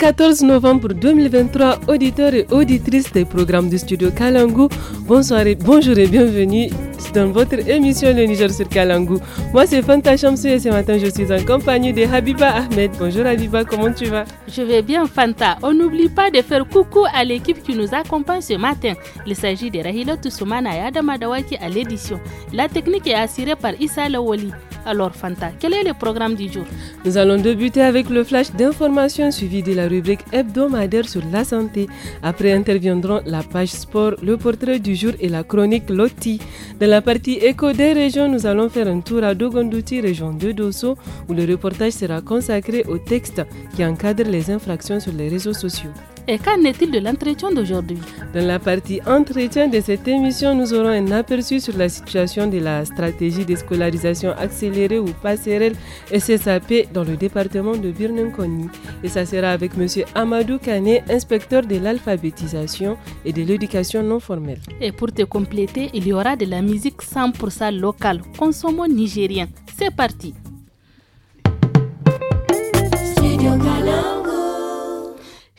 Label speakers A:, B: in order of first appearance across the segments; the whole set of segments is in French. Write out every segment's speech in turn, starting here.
A: 14 novembre 2023, auditeurs et auditrices des programmes du studio Kalangu, bonsoir et bonjour et bienvenue dans votre émission Le Niger sur Kalangu. Moi, c'est Fanta Chamsu et ce matin, je suis en compagnie de Habiba Ahmed. Bonjour Habiba, comment tu vas Je
B: vais bien, Fanta. On n'oublie pas de faire coucou à l'équipe qui nous accompagne ce matin. Il s'agit de Rahilot Soumana et Adam à l'édition. La technique est assurée par Issa Lawoli. Alors Fanta, quel est le programme du jour
A: Nous allons débuter avec le flash d'information suivi de la rubrique hebdomadaire sur la santé. Après interviendront la page sport, le portrait du jour et la chronique Lotti. Dans la partie éco des régions, nous allons faire un tour à Dogondouti, région de Dosso, où le reportage sera consacré au texte qui encadre les infractions sur les réseaux
B: sociaux. Et qu'en est-il de l'entretien d'aujourd'hui
A: Dans la partie entretien de cette émission, nous aurons un aperçu sur la situation de la stratégie de scolarisation accélérée ou passerelle SSAP dans le département de Koni. Et ça sera avec M. Amadou Kané, inspecteur de l'alphabétisation et de l'éducation non formelle.
B: Et pour te compléter, il y aura de la musique 100% locale, consommant nigérien. C'est parti.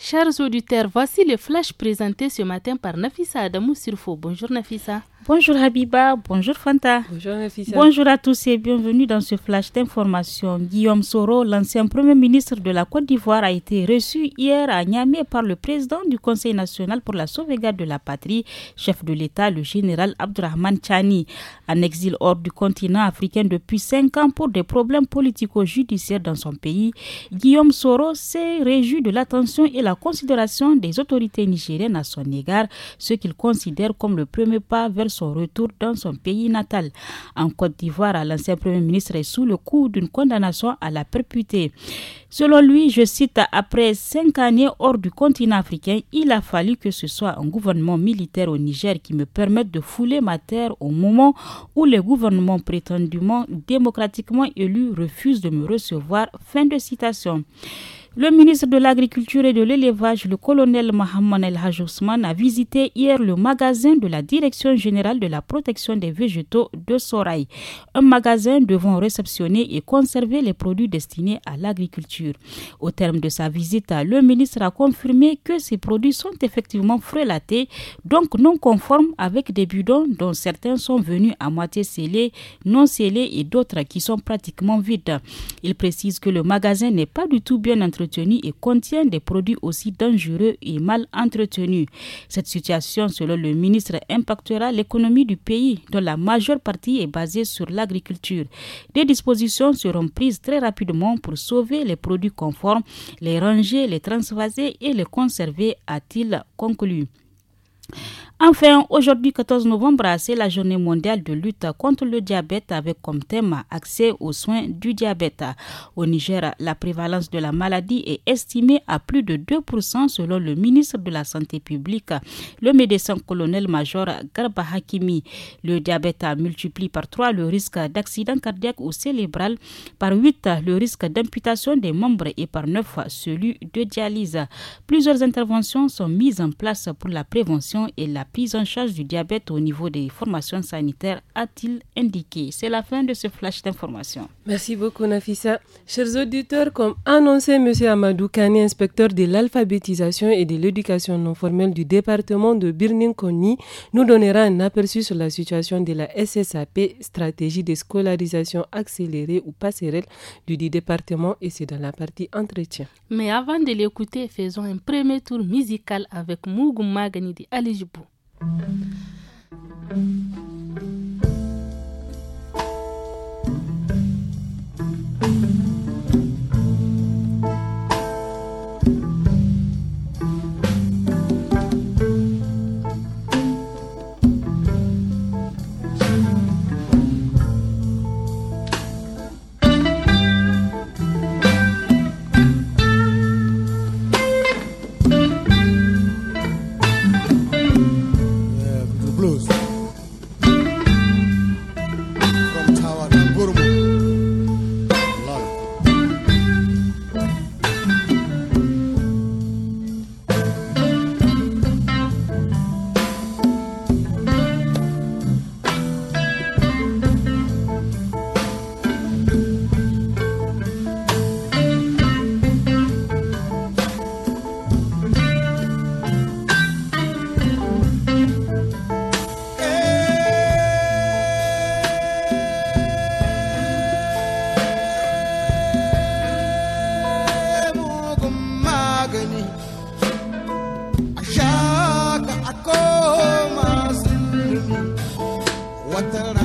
B: Chers auditeurs, voici les flash présentés ce matin par Nafissa Adamou Sirfo. Bonjour Nafissa.
C: Bonjour Habiba, bonjour Fanta.
A: Bonjour
B: Bonjour
C: à tous et bienvenue dans ce flash d'information. Guillaume Soro, l'ancien Premier ministre de la Côte d'Ivoire, a été reçu hier à Niamey par le président du Conseil national pour la sauvegarde de la patrie, chef de l'État, le général Abdurrahman Chani, en exil hors du continent africain depuis cinq ans pour des problèmes politico-judiciaires dans son pays. Guillaume Soro s'est réjoui de l'attention et la considération des autorités nigériennes à son égard, ce qu'il considère comme le premier pas vers son retour dans son pays natal. En Côte d'Ivoire, l'ancien Premier ministre est sous le coup d'une condamnation à la préputée. Selon lui, je cite, après cinq années hors du continent africain, il a fallu que ce soit un gouvernement militaire au Niger qui me permette de fouler ma terre au moment où le gouvernement prétendument démocratiquement élu refuse de me recevoir. Fin de citation. Le ministre de l'Agriculture et de l'Élevage, le colonel Mohamed El Hajousman, a visité hier le magasin de la Direction générale de la protection des végétaux de Soraï, un magasin devant réceptionner et conserver les produits destinés à l'agriculture. Au terme de sa visite, le ministre a confirmé que ces produits sont effectivement frelatés, donc non conformes avec des bidons dont certains sont venus à moitié scellés, non scellés et d'autres qui sont pratiquement vides. Il précise que le magasin n'est pas du tout bien entretenu et contient des produits aussi dangereux et mal entretenus. Cette situation, selon le ministre, impactera l'économie du pays, dont la majeure partie est basée sur l'agriculture. Des dispositions seront prises très rapidement pour sauver les produits conformes, les ranger, les transvaser et les conserver, a-t-il conclu. Enfin, aujourd'hui 14 novembre, c'est la journée mondiale de lutte contre le diabète avec comme thème accès aux soins du diabète. Au Niger, la prévalence de la maladie est estimée à plus de 2% selon le ministre de la Santé publique, le médecin colonel-major Garba Hakimi. Le diabète multiplie par 3 le risque d'accident cardiaque ou cérébral, par 8 le risque d'amputation des membres et par 9 celui de dialyse. Plusieurs interventions sont mises en place pour la prévention et la prise en charge du diabète au niveau des formations sanitaires, a-t-il indiqué. C'est la fin de ce flash d'information.
A: Merci beaucoup, Nafissa. Chers auditeurs, comme annoncé, M. Amadou Kani, inspecteur de l'alphabétisation et de l'éducation non formelle du département de Birning-Koni, nous donnera un aperçu sur la situation de la SSAP, stratégie de scolarisation accélérée ou passerelle du département, et c'est dans la partie entretien.
B: Mais avant de l'écouter, faisons un premier tour musical avec Mougou Magani de Alijibou. Thank you. Doctor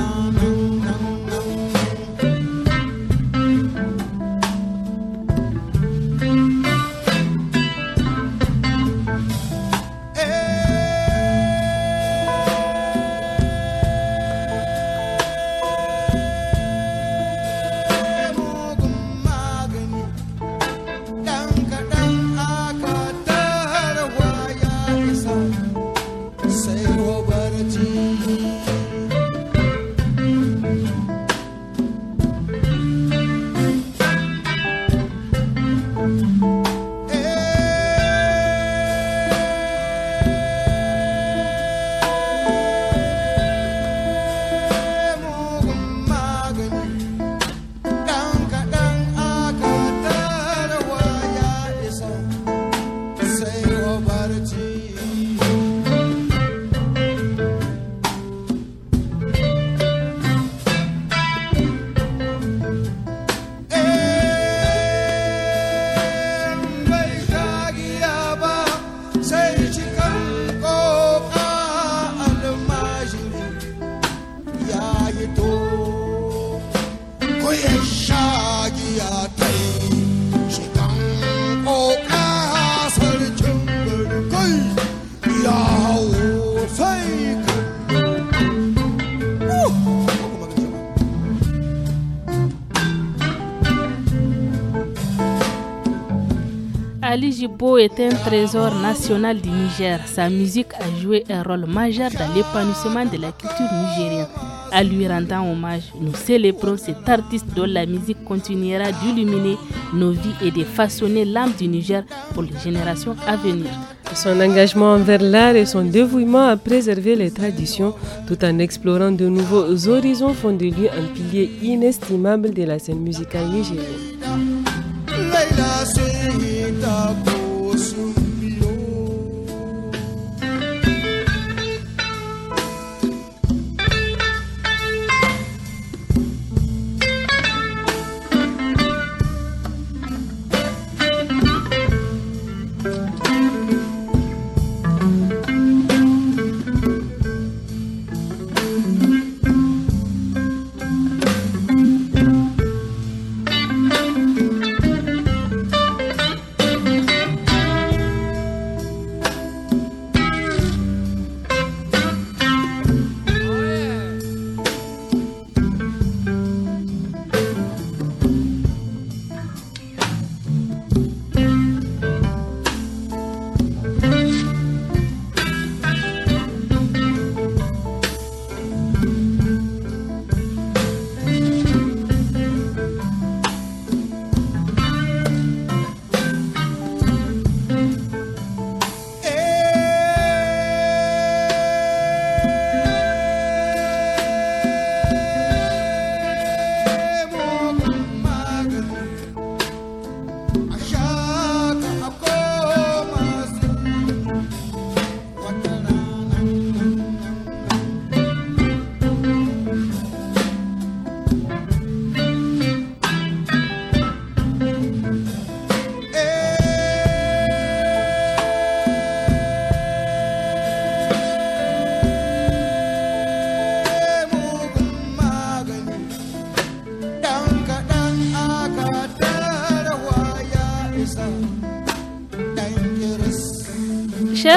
B: beau est un trésor national du Niger. Sa musique a joué un rôle majeur dans l'épanouissement de la culture nigérienne. À lui rendant hommage, nous célébrons cet artiste dont la musique continuera d'illuminer nos vies et de façonner l'âme du Niger pour les générations à venir. Son engagement envers l'art et son dévouement à préserver les traditions tout
A: en explorant de nouveaux horizons font de lui un pilier inestimable de la scène musicale
D: nigérienne.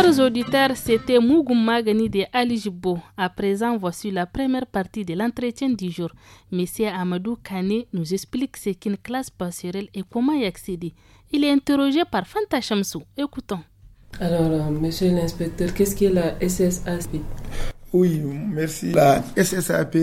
B: Chers auditeurs, c'était Mougou Magani de Alijibo. À présent, voici la première partie de l'entretien du jour. Monsieur Amadou Kane nous explique ce qu'est une classe passerelle et comment y accéder. Il est interrogé par Fanta Chamsou. Écoutons.
A: Alors, euh, monsieur l'inspecteur, qu'est-ce qu'est la SSAP Oui, merci.
E: La SSAP,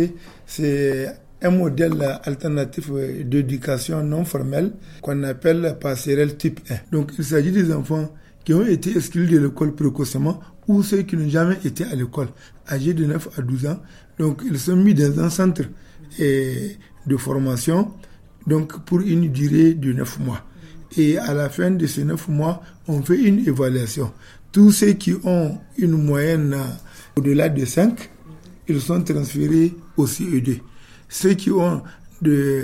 E: c'est un modèle alternatif euh, d'éducation non formelle qu'on appelle passerelle type 1. Donc, il s'agit des enfants qui ont été exclus de l'école précocement ou ceux qui n'ont jamais été à l'école, âgés de 9 à 12 ans. Donc, ils sont mis dans un centre eh, de formation donc pour une durée de 9 mois. Et à la fin de ces 9 mois, on fait une évaluation. Tous ceux qui ont une moyenne au-delà de 5, ils sont transférés au CE2. Ceux qui ont de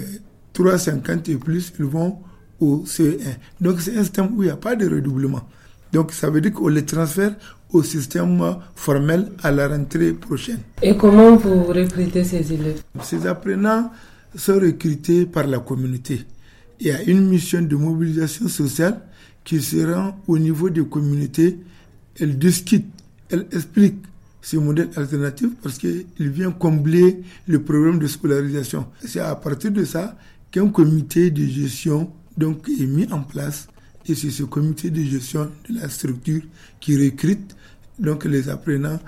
E: 3,50 et plus, ils vont au CE1. Donc c'est un système où il n'y a pas de redoublement. Donc ça veut dire qu'on les transfère au système formel à la rentrée prochaine. Et comment vous recrutez ces élèves Ces apprenants sont recrutés par la communauté. Il y a une mission de mobilisation sociale qui se rend au niveau des communautés. Elle discute, elle explique ce modèle alternatif parce qu'il vient combler le problème de scolarisation. C'est à partir de ça qu'un comité de gestion donc, est mis en place et c'est ce comité de gestion de la structure qui recrute donc les apprenants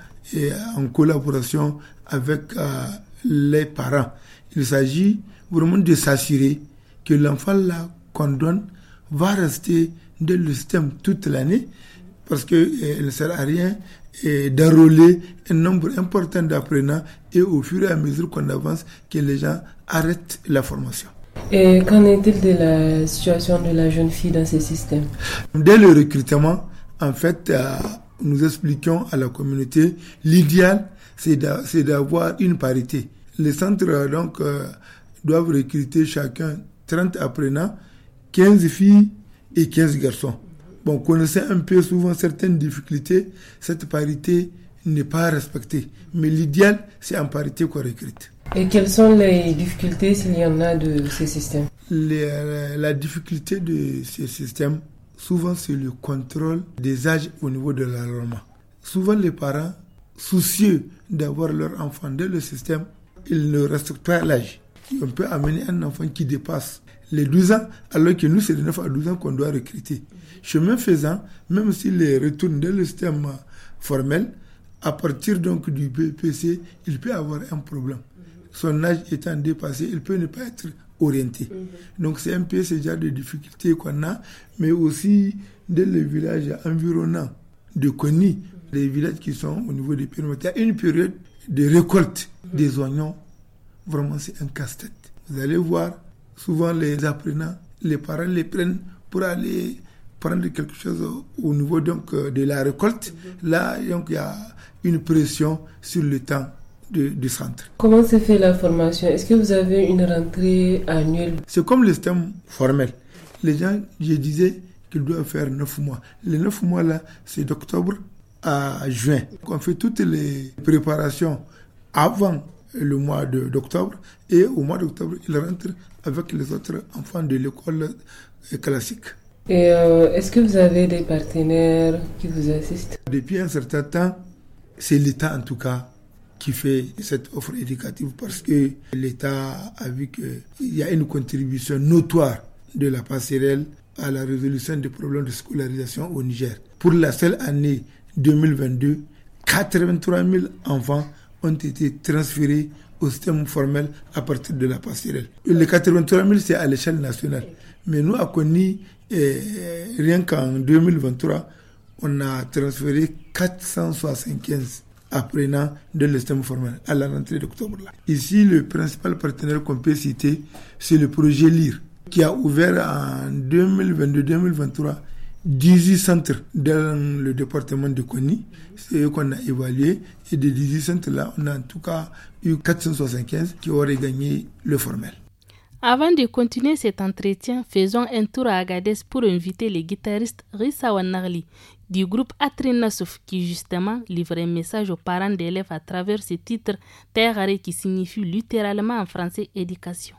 E: en collaboration avec euh, les parents. Il s'agit vraiment de s'assurer que l'enfant là qu'on donne va rester dans le système toute l'année parce que euh, ne sert à rien euh, d'enrôler un nombre important d'apprenants et au fur et à mesure qu'on avance que les gens arrêtent la formation. Et qu'en est-il de la situation de la jeune fille dans ce système Dès le recrutement, en fait, euh, nous expliquons à la communauté l'idéal, c'est d'avoir une parité. Les centres euh, donc euh, doivent recruter chacun 30 apprenants, 15 filles et 15 garçons. Bon, connaissant un peu souvent certaines difficultés, cette parité n'est pas respectée. Mais l'idéal, c'est en parité qu'on recrute. Et quelles sont les difficultés, s'il y en a, de ces systèmes euh, La difficulté de ces systèmes, souvent, c'est le contrôle des âges au niveau de l'enrôlement. Souvent, les parents, soucieux d'avoir leur enfant dans le système, ils ne respectent pas l'âge. On peut amener un enfant qui dépasse les 12 ans, alors que nous, c'est de 9 à 12 ans qu'on doit recruter. Chemin faisant, même s'il retourne dans le système formel, à partir donc du BPC, il peut avoir un problème son âge étant dépassé, il peut ne pas être orienté. Mhm. Donc c'est un peu ce genre de difficultés qu'on a, mais aussi dans les villages environnants de Kony, les villages qui sont au niveau des périmètres, il y a une période de récolte mhm. des oignons. Vraiment, c'est un casse-tête. Vous allez voir, souvent les apprenants, les parents les prennent pour aller prendre quelque chose au niveau donc euh, de la récolte. Mhm. Là, il y a une pression sur le temps du, centre. Comment se fait la formation Est-ce que vous avez une rentrée annuelle C'est comme le système formel. Les gens, je disais qu'ils doivent faire neuf mois. Les neuf mois là, c'est d'octobre à juin. On fait toutes les préparations avant le mois d'octobre et au mois d'octobre, ils rentrent avec les autres enfants de l'école euh, classique.
A: Et euh, est-ce que vous avez des partenaires qui vous assistent
E: Depuis un certain temps, c'est l'État en tout cas qui fait cette offre éducative parce que l'État a vu qu'il y a une contribution notoire de la passerelle à la résolution des problèmes de scolarisation au Niger. Pour la seule année 2022, 83 000 enfants ont été transférés au système formel à partir de la passerelle. les 83 000, c'est à l'échelle nationale. Mais nous, à Kony, eh, rien qu'en 2023, on a transféré 475 apprenant de l'extrême formel à la rentrée d'octobre. Ici, le principal partenaire qu'on peut citer, c'est le projet LIRE, qui a ouvert en 2022-2023 18 centres dans le département de Kony. C'est eux qu'on a évalué. Et de 18 centres-là, on a en tout cas eu 475 qui auraient gagné le formel.
B: Avant de continuer cet entretien, faisons un tour à Agadez pour inviter le guitariste Rissa Wanarli, du groupe Atrenasouf qui justement livrait un message aux parents d'élèves à travers ce titre Terre qui signifie littéralement en français éducation.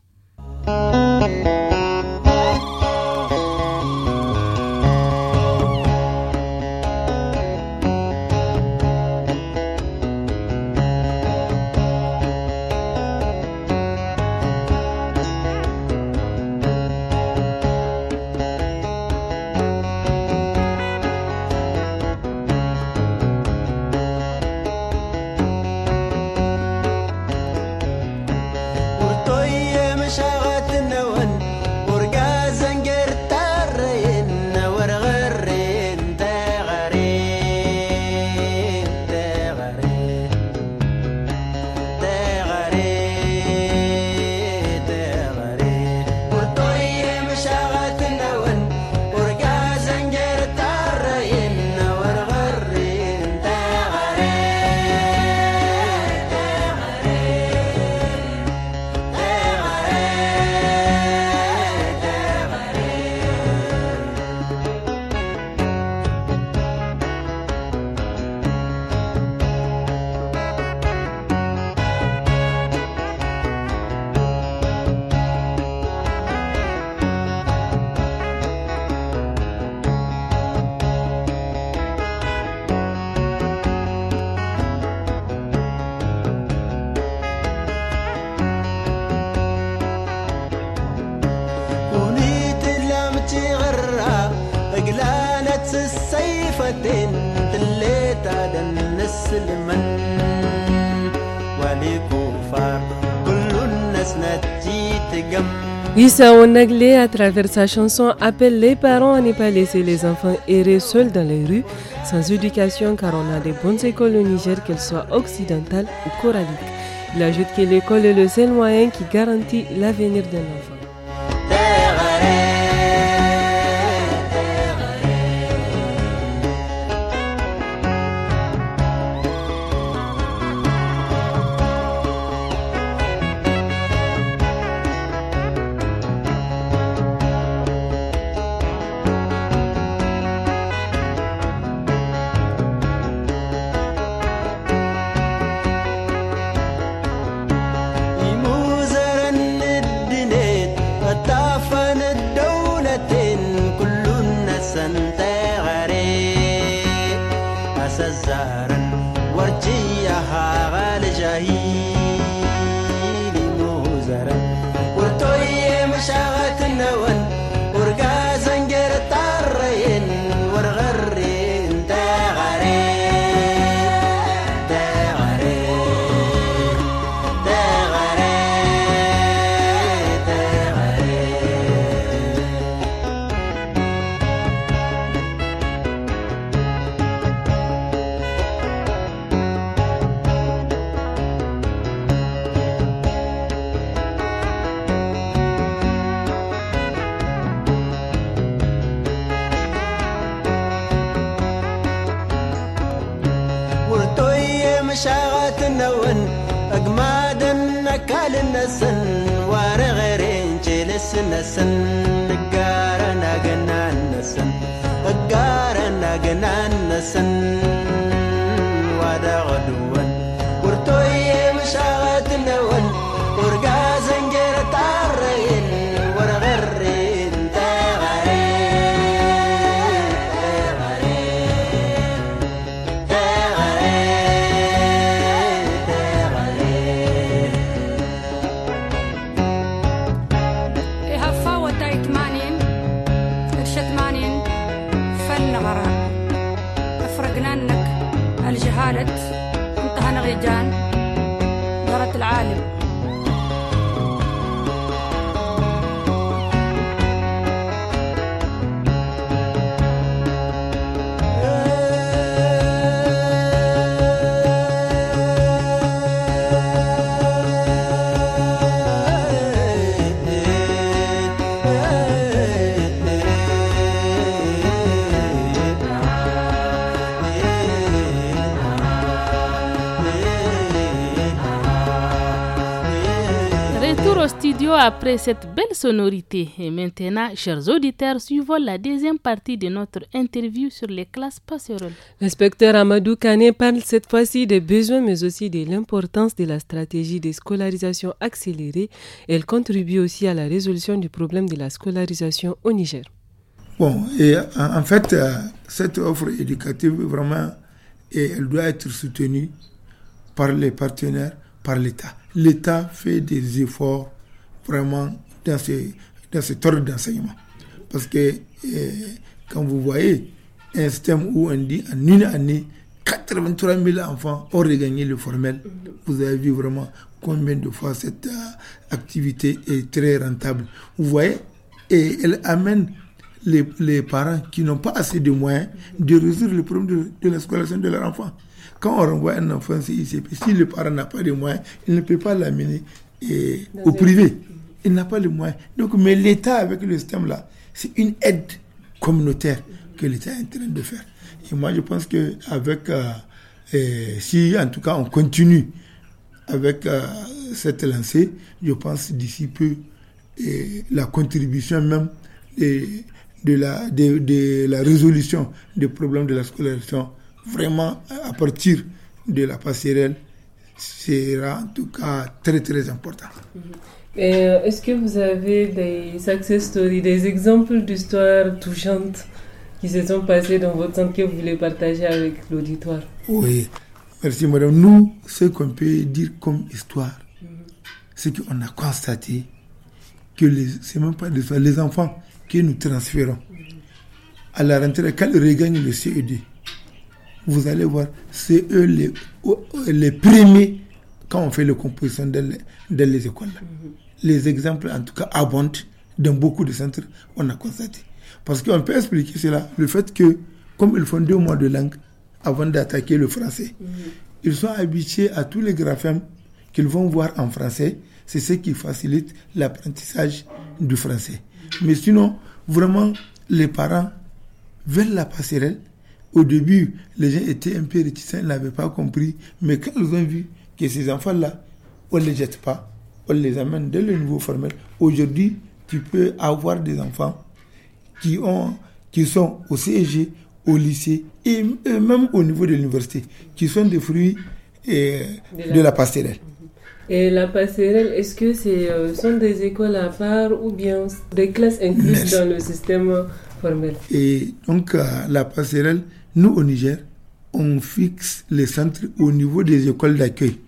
A: Sao Naglé, à travers sa chanson, appelle les parents à ne pas laisser les enfants errer seuls dans les rues, sans éducation, car on a des bonnes écoles au Niger, qu'elles soient occidentales ou coralliques. Il ajoute que l'école est le seul moyen qui garantit l'avenir d'un enfant.
F: dia raio. nasnasan Nagkaranagananasan Nagkaranagananasan
B: après cette belle sonorité, et maintenant, chers auditeurs, suivons la deuxième partie de notre interview sur les classes passerelles.
A: L'inspecteur Amadou Kane parle cette fois-ci des besoins, mais aussi de l'importance de la stratégie de scolarisation accélérée. Elle contribue aussi à la résolution du problème de la scolarisation au Niger.
E: Bon, et en fait, euh, cette offre éducative, vraiment, elle doit être soutenue par les partenaires, par l'État. L'État fait des efforts vraiment dans ce, dans ce d'enseignement. Parce que eh, quand vous voyez un système où on dit en une année, 83 000 enfants ont regagné le formel, vous avez vu vraiment combien de fois cette euh, activité est très rentable. Vous voyez, et elle amène les, parents qui n'ont pas assez de moyens de résoudre le problème de, de de leur enfant. Quand on renvoie un enfant si le parent n'a pas de moyens, il ne peut pas l'amener eh, au privé il n'a pas le moyens. Donc, mais l'État, avec le système-là, c'est une aide communautaire que l'État est en train de faire. Et moi, je pense que avec, euh, euh, si en tout cas on continue avec euh, cette lancée, je pense d'ici peu la contribution même de, la, résolution des problèmes de la scolarisation, vraiment à partir de la passerelle, sera en tout cas très très important. Mm-hmm.
A: Euh, est-ce que vous avez des success stories, des exemples d'histoires touchantes qui se sont passées dans votre centre que vous voulez partager avec l'auditoire
E: Oui, merci madame. Nous, ce qu'on peut dire comme histoire, ce mm-hmm. c'est qu'on a constaté que les, c'est même pas des, les enfants que nous transférons mm-hmm. à la rentrée, quand ils regagnent le CED, vous allez voir, c'est eux les, les premiers quand on fait le composition dans les, écoles. là. Mm-hmm les exemples, en tout cas, abondent dans beaucoup de centres, on a constaté. Parce qu'on peut expliquer cela, le fait que, comme ils font deux mois de langue avant d'attaquer le français, mhm. ils sont habitués à tous les graphèmes qu'ils vont voir en français. C'est ce qui facilite l'apprentissage du français. Mais sinon, vraiment, les parents veulent la passerelle. Au début, les gens étaient un peu réticents, ils n'avaient pas compris. Mais quand ils ont vu que ces enfants-là, on ne les jette pas, on les amène dès le niveau formel. Aujourd'hui, tu peux avoir des enfants qui, ont, qui sont au CEG, au lycée et, même au niveau de l'université, qui sont des fruits et, euh, de, la... passerelle. Mhm.
A: Et la passerelle, est-ce que ce euh, sont des écoles à part ou bien des classes incluses dans le système formel
E: Et donc, euh, la passerelle, nous au Niger, on fixe les centres au niveau des écoles d'accueil.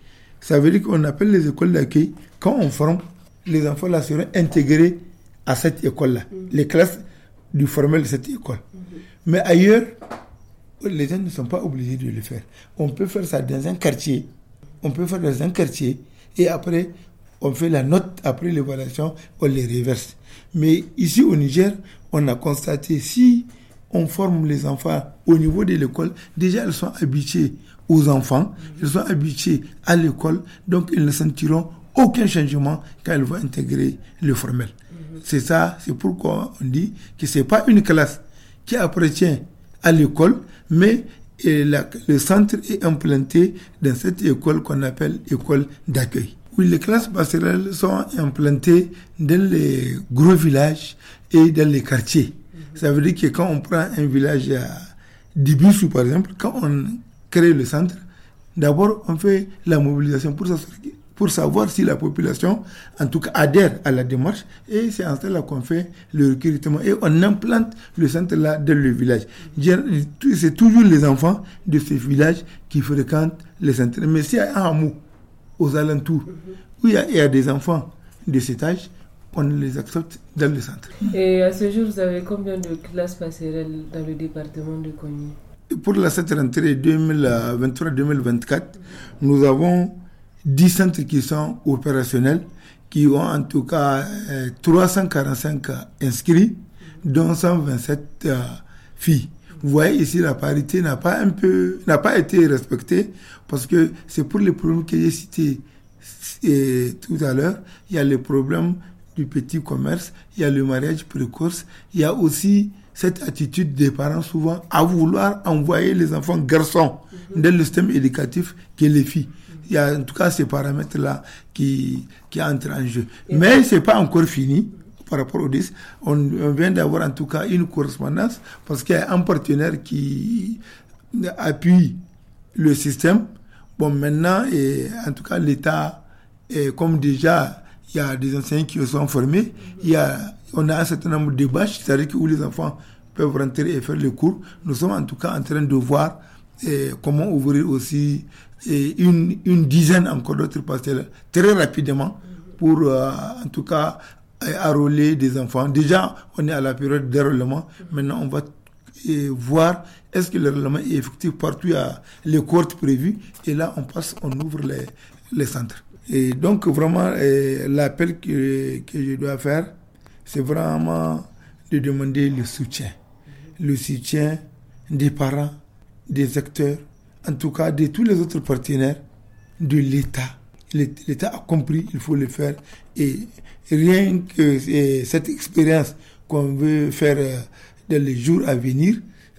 E: Ça veut dire qu'on appelle les écoles d'accueil quand on forme, les enfants là seront intégrés à cette école-là, mm-hmm. les classes du formel de cette école. Mm-hmm. Mais ailleurs, les gens ne sont pas obligés de le faire. On peut faire ça dans un quartier. On peut faire dans un quartier et après, on fait la note, après l'évaluation, on les reverse. Mais ici au Niger, on a constaté si on forme les enfants au niveau de l'école, déjà ils sont habitués aux enfants, mm-hmm. ils sont habitués à l'école, donc ils ne sentiront aucun changement quand elle va intégrer le formel. Mhm. C'est ça, c'est pourquoi on dit que ce n'est pas une classe qui appartient à l'école, mais le centre est implanté dans cette école qu'on appelle école d'accueil. Oui, les classes passerelles sont implantées dans les gros villages et dans les quartiers. Mhm. Ça veut dire que quand on prend un village à Dibissou, par exemple, quand on crée le centre, d'abord on fait la mobilisation pour s'assurer pour savoir si la population, en tout cas, adhère à la démarche. Et c'est en cela qu'on fait le recrutement. Et on implante le centre-là dans le village. C'est toujours les enfants de ces villages qui fréquentent les centre. Mais s'il y a un aux alentours où il y, a, des enfants de cet âge, on les accepte dans le centre.
A: Et à ce jour, vous avez combien de classes passerelles dans le département de Cogny
E: Pour la cette rentrée 2023-2024, euh, nous avons 10 centres qui sont opérationnels, qui ont en tout cas 345 euh, inscrits, dont 127 euh, filles. Vous voyez ici, la parité n'a pas un peu, n'a pas été respectée parce que c'est pour les problèmes que j'ai cités euh, tout à l'heure. Il y a le problème du petit commerce, il y a le mariage précoce, il y a aussi cette attitude des parents souvent à vouloir envoyer les enfants garçons dans le système éducatif que les filles. Il y a en tout cas ces paramètres-là qui, qui entrent en jeu. Mais ce n'est pas encore fini par rapport au 10. On, vient d'avoir en tout cas une correspondance parce qu'il y a un partenaire qui appuie le système. Bon, maintenant, et, en tout cas, l'État, comme déjà, il y a des enseignants qui sont formés, il y a, on a un certain nombre de bâches, c'est-à-dire où les enfants peuvent rentrer et faire le cours. Nous sommes en tout cas en train de voir comment ouvrir aussi une, une dizaine encore d'autres pastels très rapidement pour euh, en tout cas arroler des enfants. Déjà, on est à la période d'arrolement. Maintenant, on va voir est-ce que le règlement est effectif partout à les courtes prévues. Et là, on passe, on ouvre les, les centres. Et donc, vraiment, l'appel que, que, je dois faire, c'est vraiment de demander le soutien. Le soutien des parents, des acteurs, en tout cas de tous les autres partenaires de l'État. L'État a compris, il faut le faire. Et rien que cette expérience qu'on veut faire euh, dans les jours à venir,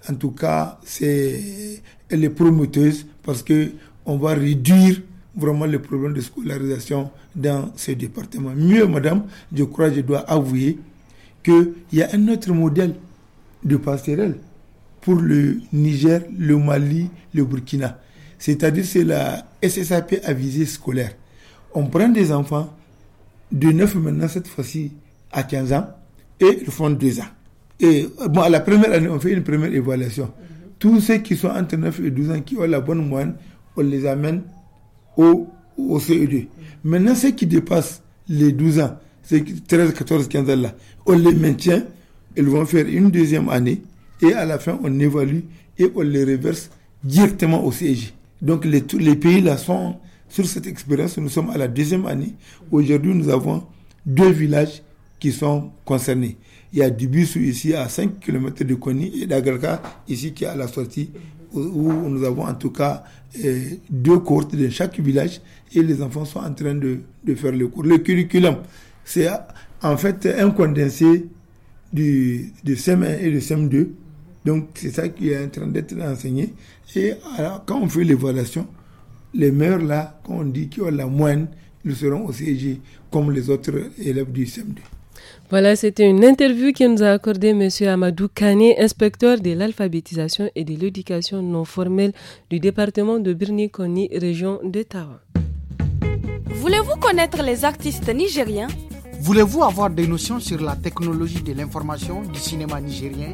E: en tout cas, c'est, elle est prometteuse parce que on va réduire vraiment le problème de scolarisation dans ce département. Mieux, madame, je crois que je dois avouer qu'il y a un autre modèle de passerelle pour le Niger, le Mali, le Burkina. C'est-à-dire c'est la SSAP à visée scolaire. On prend des enfants de 9 maintenant cette fois-ci à 15 ans et ils font 2 ans. Et bon, à la première année, on fait une première évaluation. Tous ceux qui sont entre 9 et 12 ans qui ont la bonne moyenne, on les amène au, au CE2. Maintenant, ceux qui dépassent les 12 ans, ceux qui, 13, 14, 15 ans là, on les maintient. Ils vont faire une deuxième année et à la fin on évalue et on les reverse directement au CEJ. Donc les, les pays là sont sur cette expérience. Nous sommes à la deuxième année. Aujourd'hui, nous avons deux villages qui sont concernés. Il y a Dubusu ici à 5 km de Koni et d'Agarka ici qui est à la sortie où nous avons en tout cas euh, deux cours de chaque village et les enfants sont en train de, faire le cours. Le curriculum, c'est en fait un condensé du, du SEM1 et du SEM2 donc, c'est ça qui est en train d'être enseigné. Et quand on fait l'évaluation, les meilleurs là, quand on dit qu'ils ont la moine ils seront aussi égés comme les autres élèves du CMD.
A: Voilà, c'était une interview qui nous a accordé M. Amadou Kani inspecteur de l'alphabétisation et de l'éducation non formelle du département de Birni-Koni, région de Tawa.
B: Voulez-vous connaître les artistes nigériens
D: Voulez-vous avoir des notions sur la technologie de l'information du cinéma nigérien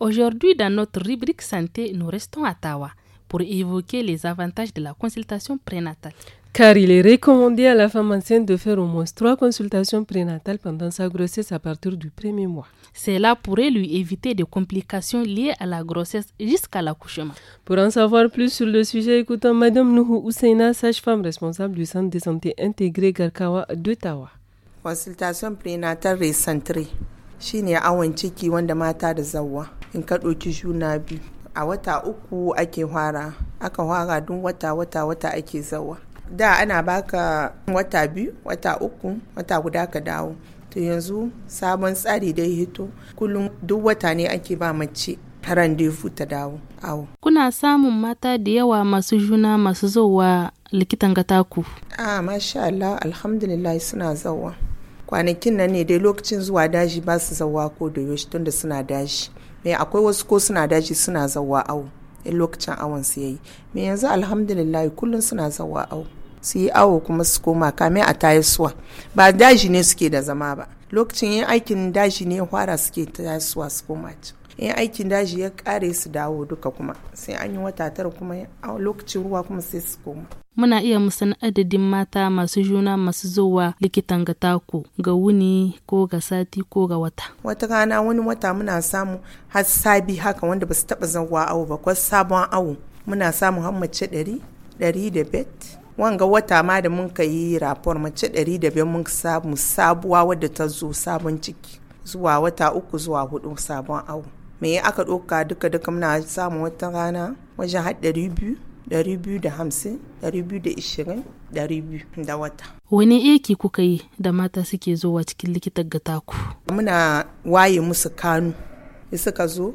B: Aujourd'hui, dans notre rubrique santé, nous restons à Tawa pour évoquer les avantages de la consultation prénatale.
A: Car il est recommandé à la femme enceinte de faire au moins trois consultations prénatales pendant sa grossesse à partir du premier mois. Cela pourrait lui éviter des complications liées à la grossesse jusqu'à l'accouchement. Pour en savoir plus sur le sujet, écoutons Madame Nuhu Ousseina, sage-femme responsable du centre de santé
G: intégré Garkawa de Tawa. Consultation prénatale récentrée. shine awon ciki wanda mata da zawa in ka ɗauki juna biyu a wata uku ake fara aka fara duk wata wata wata ake zawa da ana baka wata biyu wata uku wata guda ka dawo to yanzu sabon tsari dai hito kullum duk wata ne ake ba mace rendezvous ta dawo awo kuna
B: samun mata da yawa masu juna masu zowa likitan ku
G: a ah, masha Allah alhamdulillah suna zawa kwanakin nan ne dai lokacin zuwa daji ba su zawa ko da yaushe tunda suna daji me akwai wasu ko suna daji suna zawa awo in lokacin awon su yayi me yanzu alhamdulillah kullum suna zawa awo su yi awo kuma su koma kame a suwa ba daji ne suke da zama ba lokacin yin aikin daji ne fara suke suwa su koma ci in aikin daji ya kare su dawo duka kuma sai an yi wata tara kuma a lokacin ruwa kuma sai su koma
B: muna iya musan adadin mata masu juna masu zuwa likitan ga taku ga wuni ko ga sati ko ga wata
G: wata rana wani wata muna samu har sabi haka wanda ba su taba zawa awo ba ko sabon awo muna samu har mace ɗari ɗari da bet wanga wata ma da mun ka yi rapor mace ɗari da biyar mun samu sabuwa wadda ta zo sabon ciki zuwa wata uku zuwa hudu sabon awo me ya aka ɗauka duka duka muna samun wata rana wajen har biyu ɗari biyu da hamsin ɗari biyu da ishirin ɗari biyu da wata.
B: Wani aiki kuka yi da mata suke zuwa cikin likitar ga taku?
G: Muna waye musu kanu suka zo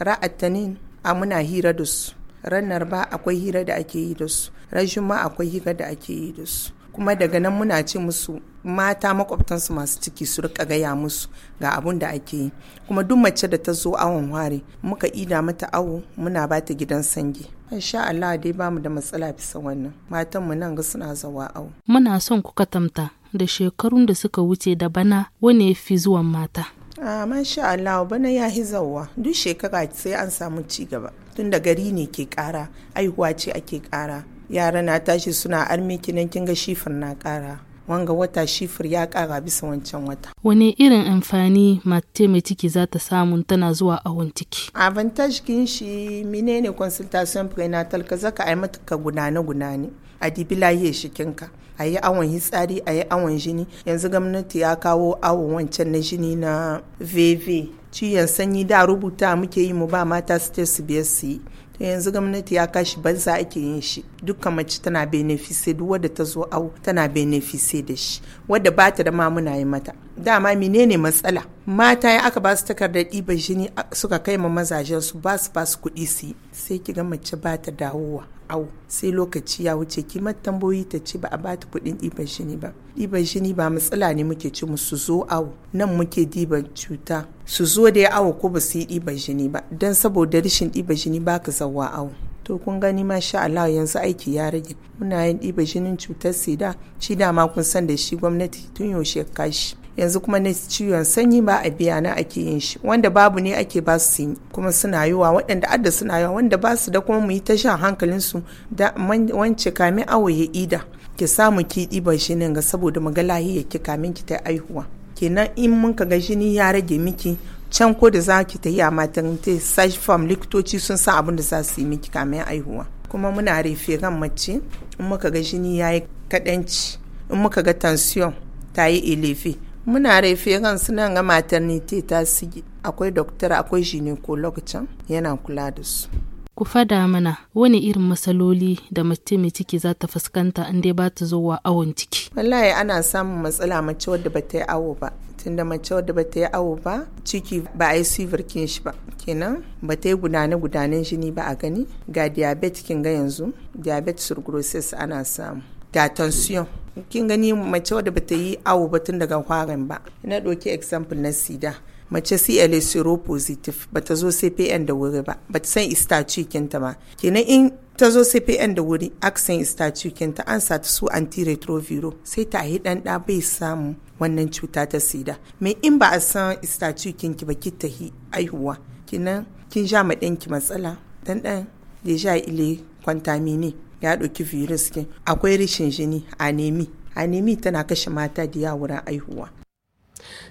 G: ra'atanin a muna hira da su ranar ba akwai hira da ake yi da su rashin ma akwai hira da ake yi da su kuma daga nan muna ce musu mata makwabtansu masu ciki su rika gaya musu ga abun da ake yi kuma duk mace da ta zo awon ware muka ida mata awo muna ba ta gidan sange insha Allah dai bamu da matsala bisa wannan matan mu nan ga suna zawa awo
B: muna son ku katamta da shekarun da suka wuce da bana wani fi zuwan mata
G: a ah, masha Allah bana ya hi zawa duk shekara sai an samu ci gaba tun da gari ne ke kara aihuwa ce ake kara yara na tashi suna armi kinan kinga ga shifir na kara wanga wata shifir ya kara bisa wancan wata
B: wani irin amfani mate mai ciki za ta samu tana zuwa awon ciki
G: avantage kin shi menene consultation prenatal ka zaka ai mata ka gudane gudane a dibi lahiye shikinka a yi awon hitsari a yi awon jini yanzu gwamnati ya kawo awon wancan na jini na vv ciyan sanyi da rubuta muke yi mu ba mata su su biyar su yi to yanzu gwamnati ya kashi banza ake yin shi dukkan mace tana benefise duk wadda ta zo au tana benefise da shi wadda ba ta da ma muna yi mata dama menene matsala mata ya aka ba su takardar ɗiban jini suka kai ma mazajen su ba su ba su kuɗi su sai ki ga mace ba ta dawowa au sai lokaci ya wuce ki tambayoyi ta ce ba a ba ta kuɗin ɗiban jini ba ɗiban jini ba matsala ne muke ci mu su zo au nan muke ɗiban cuta su zo da ya awo ko ba su yi ɗiban jini ba don saboda rashin ɗiban jini ba ka zawa au to kun gani ma masha Allah yanzu aiki ya rage muna yin ɗiban jinin cutar sida shi dama kun san da shi gwamnati tun yaushe kashi yanzu kuma na ciwon sanyi ba a biya na ake yin shi wanda babu ne ake ba su yi kuma suna yiwa waɗanda adda suna yiwa wanda ba su da kuma mu yi ta shan hankalinsu da wance kame awo ya ida ki samu ki ɗiban shi ga saboda mu ga lahiya ki kamin ki ta aihuwa kenan in mun ka ga jini ya rage miki can ko da za ki ta yi a matan ta sashi fam likitoci sun sa abin da za su yi miki kamin aihuwa kuma muna rufe ran mace in muka ga jini ya yi kaɗanci in muka ga tansiyon ta yi ilifi muna raife kan suna ga maternity ta sigi akwai doktor akwai gynecologue can yana kula da su ku fada
B: mana wani irin matsaloli da mace mai ciki za ta fuskanta in dai ba ta zuwa awon ciki
G: wallahi ana samun matsala mace wadda ba ta yi awo ba tunda mace wadda ba ta yi awo ba ciki ba a yi sivirkin shi ba kenan ba ta yi gudane gudanen jini ba a gani ga diabetes kin ga yanzu diabetes surgrosis ana samu da tension kin gani mace wadda bata yi awo ba tun daga kwarin ba na ɗauki example na sida mace CLA sero positive ta zo CPN da wuri ba ta san istatu ba kenan in ta zo CPN da wuri aka san istatu an sa ta su antiretroviral sai ta yi dan bai samu wannan cuta ta sida mai in ba a san istatu ki ba ki ta yi aihuwa kenan kin sha ma ɗanki matsala dan dan deja ile kwantamini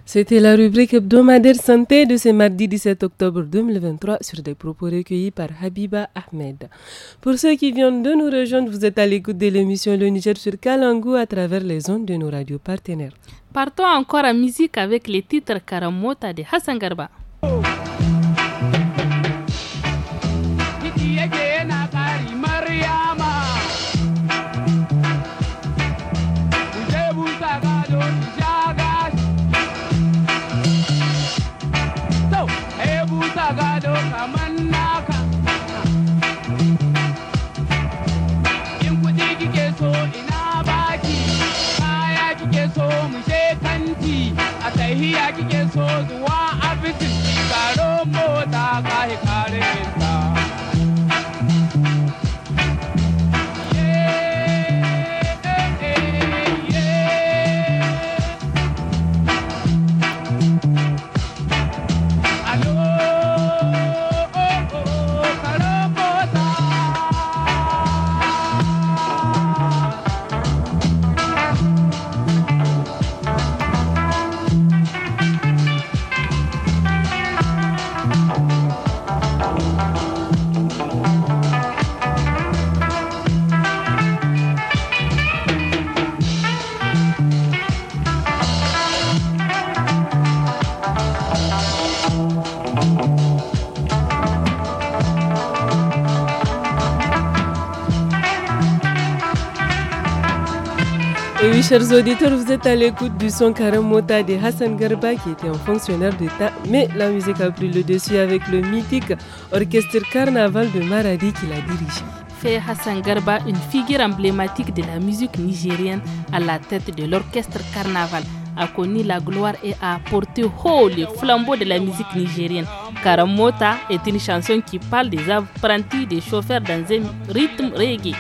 G: C'était la rubrique hebdomadaire
A: santé de ce mardi 17 octobre 2023 sur des propos recueillis par Habiba Ahmed. Pour ceux qui viennent de nous rejoindre, vous êtes à l'écoute de l'émission Le Niger sur Kalangou à travers les ondes de nos radios partenaires.
B: Partons encore à musique avec les titres Karamota de Hassan
H: Garba. I abiti karo mota ka
A: chers auditeurs, vous êtes à l'écoute du son mota de Hassan Garba, qui était un fonctionnaire d'État, mais la musique a pris le dessus avec le mythique orchestre carnaval de Maradi qui l'a
D: dirigé.
B: Fait Hassan Garba, une figure emblématique de la musique nigérienne à la tête de l'orchestre carnaval, a connu la gloire et a porté haut le flambeau de la musique nigérienne. Karamota est une chanson qui parle des apprentis des chauffeurs dans
H: un rythme reggae.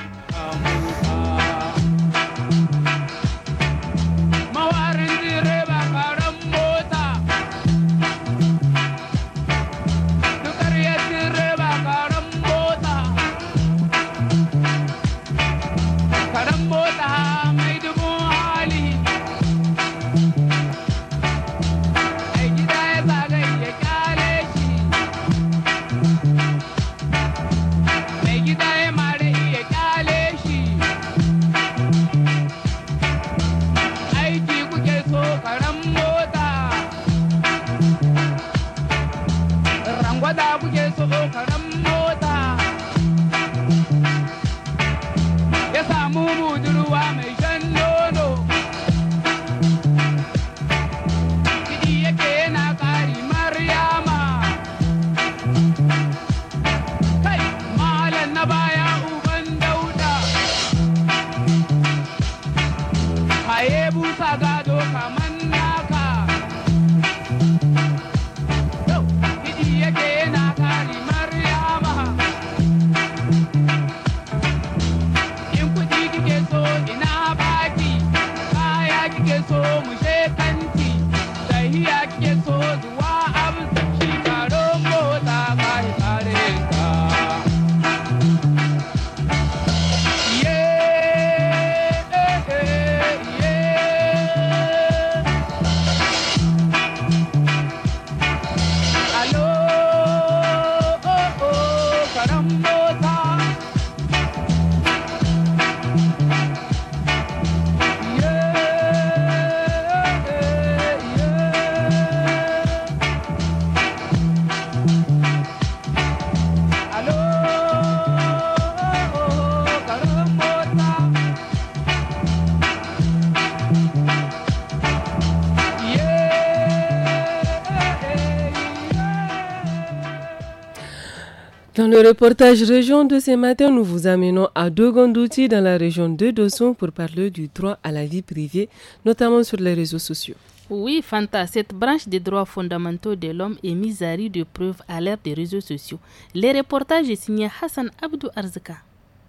A: le reportage région de ce matin, nous vous amenons à Dogondouti dans la région de Dosson pour parler du droit à la vie privée, notamment sur les réseaux sociaux.
B: Oui, Fanta, cette branche des droits fondamentaux de l'homme est mise à rude de preuve à l'ère des réseaux sociaux. Le reportage est signé Hassan Abdou Arzka.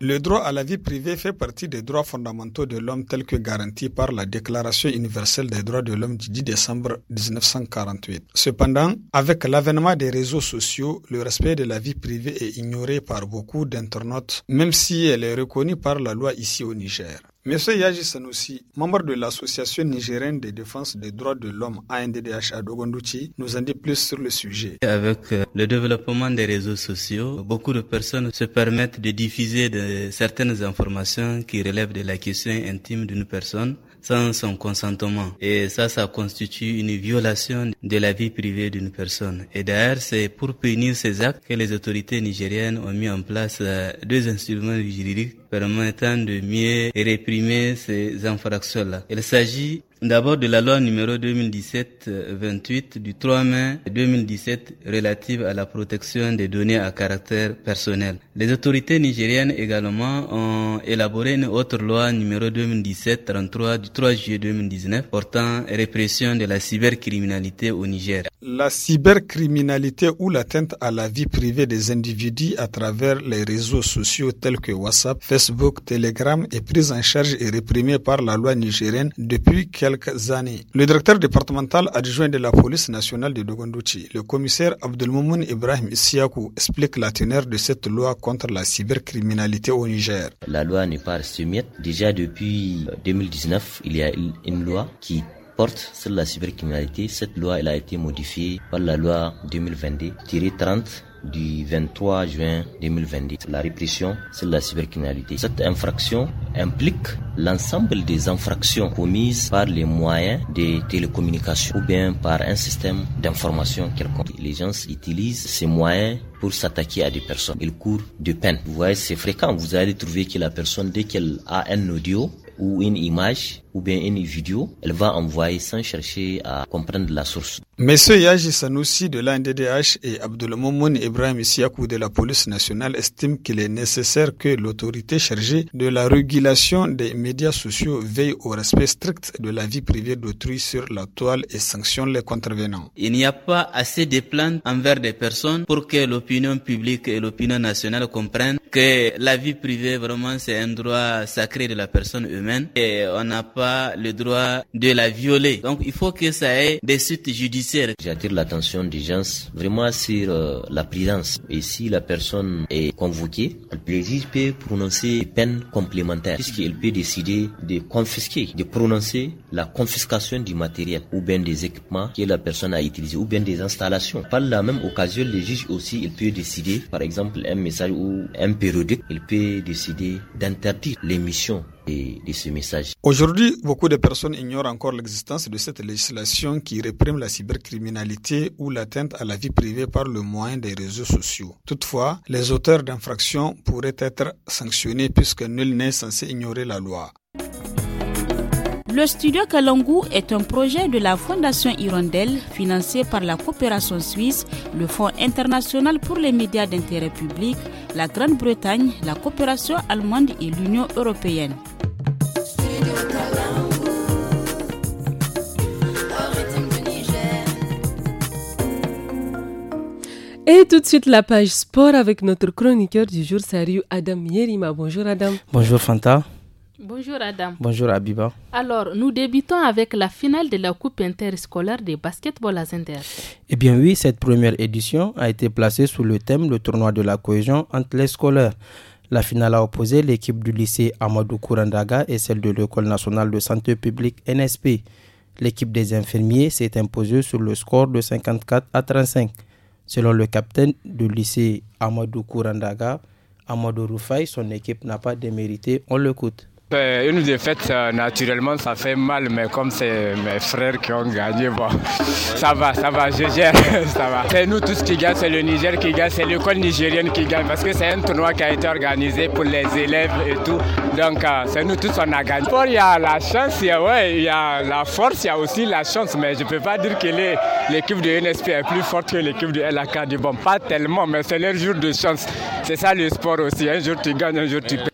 I: Le droit à la vie privée fait partie des droits fondamentaux de l'homme tels que garantis par la Déclaration universelle des droits de l'homme du 10 décembre 1948. Cependant, avec l'avènement des réseaux sociaux, le respect de la vie privée est ignoré par beaucoup d'internautes, même si elle est reconnue par la loi ici au Niger. Monsieur Yaji Sanoussi, membre de l'Association nigérienne de défense des droits de l'homme ANDDH à Dogondouchi, nous en dit plus sur le sujet.
J: Avec euh, le développement des réseaux sociaux, beaucoup de personnes se permettent de diffuser de certaines informations qui relèvent de la question intime d'une personne sans son consentement. Et ça, ça constitue une violation de la vie privée d'une personne. Et d'ailleurs, c'est pour punir ces actes que les autorités nigériennes ont mis en place euh, deux instruments juridiques permettant de mieux réprimer ces infractions-là. Il s'agit D'abord de la loi numéro 2017-28 euh, du 3 mai 2017 relative à la protection des données à caractère personnel. Les autorités nigériennes également ont élaboré une autre loi numéro 2017-33 du 3 juillet 2019 portant répression de la cybercriminalité au Niger.
I: La cybercriminalité ou l'atteinte à la vie privée des individus à travers les réseaux sociaux tels que WhatsApp, fait Facebook, Telegram est prise en charge et réprimé par la loi nigérienne depuis quelques années. Le directeur départemental adjoint de la police nationale de Dogondouchi, le commissaire Abdelmoumoun Ibrahim Issiakou, explique la teneur de cette loi contre la cybercriminalité au Niger.
K: La loi n'est pas soumise. Déjà depuis 2019, euh, il y a une loi qui porte sur la cybercriminalité. Cette loi elle a été modifiée par la loi 2022-30 du 23 juin 2022, la répression c'est la cybercriminalité. Cette infraction implique l'ensemble des infractions commises par les moyens des télécommunications ou bien par un système d'information quelconque. Les gens utilisent ces moyens pour s'attaquer à des personnes. Ils courent de peine. Vous voyez, c'est fréquent. Vous allez trouver que la personne, dès qu'elle a un audio, ou une image ou bien une vidéo, elle va envoyer sans chercher à comprendre la source.
I: Monsieur Yaji Sanoussi de l'ANDDH et Abdelmoumoun Ibrahim Siakou de la police nationale estiment qu'il est nécessaire que l'autorité chargée de la régulation des médias sociaux veille au respect strict de la vie privée d'autrui sur la toile et sanctionne les contrevenants.
J: Il n'y a pas assez de plaintes envers des personnes pour que l'opinion publique et l'opinion nationale comprennent que la vie privée vraiment c'est un droit sacré de la personne humaine et on n'a pas le
K: droit de la violer. Donc il faut que ça ait des suites judiciaires. J'attire l'attention des gens vraiment sur euh, la présence. Et si la personne est convoquée, le juge peut prononcer des peines complémentaires puisqu'il peut décider de confisquer, de prononcer la confiscation du matériel ou bien des équipements que la personne a utilisés ou bien des installations. Par la même occasion, le juge aussi, il peut décider, par exemple, un message ou un périodique, il peut décider d'interdire l'émission
I: Aujourd'hui, beaucoup de personnes ignorent encore l'existence de cette législation qui réprime la cybercriminalité ou l'atteinte à la vie privée par le moyen des réseaux sociaux. Toutefois, les auteurs d'infractions pourraient être sanctionnés puisque nul n'est censé ignorer la loi.
C: Le studio Kalangu est un projet de la Fondation Hirondelle financé par la coopération suisse, le Fonds international pour les médias d'intérêt public, la Grande-Bretagne, la coopération allemande et l'Union européenne.
A: Et tout de suite, la page sport avec notre chroniqueur du jour, Sariu Adam Yerima. Bonjour Adam.
L: Bonjour Fanta.
B: Bonjour Adam.
L: Bonjour Abiba.
B: Alors, nous débutons avec la finale de la Coupe interscolaire de basketball à Zender.
L: Eh bien oui, cette première édition a été placée sous le thème le tournoi de la cohésion entre les scolaires. La finale a opposé l'équipe du lycée Amadou Kourandaga et celle de l'École nationale de santé publique NSP. L'équipe des infirmiers s'est imposée sur le score de 54 à 35. Selon le capitaine du lycée Amadou Kourandaga, Amadou Roufaï, son équipe n'a pas démérité. On le coûte.
M: Euh, une défaite, euh, naturellement, ça fait mal, mais comme c'est mes frères qui ont gagné, bon, ça va, ça va, je gère, ça va. C'est nous tous qui gagnons, c'est le Niger qui gagne, c'est l'école nigérienne qui gagne, parce que c'est un tournoi qui a été organisé pour les élèves et tout. Donc, euh, c'est nous tous, on a gagné. il y a la chance, il y a, ouais, il y a la force, il y a aussi la chance, mais je ne peux pas dire que l'équipe de NSP est plus forte que l'équipe de LAK du Bon. Pas tellement, mais c'est leur jour de chance. C'est ça le sport aussi. Un jour tu gagnes, un jour tu perds.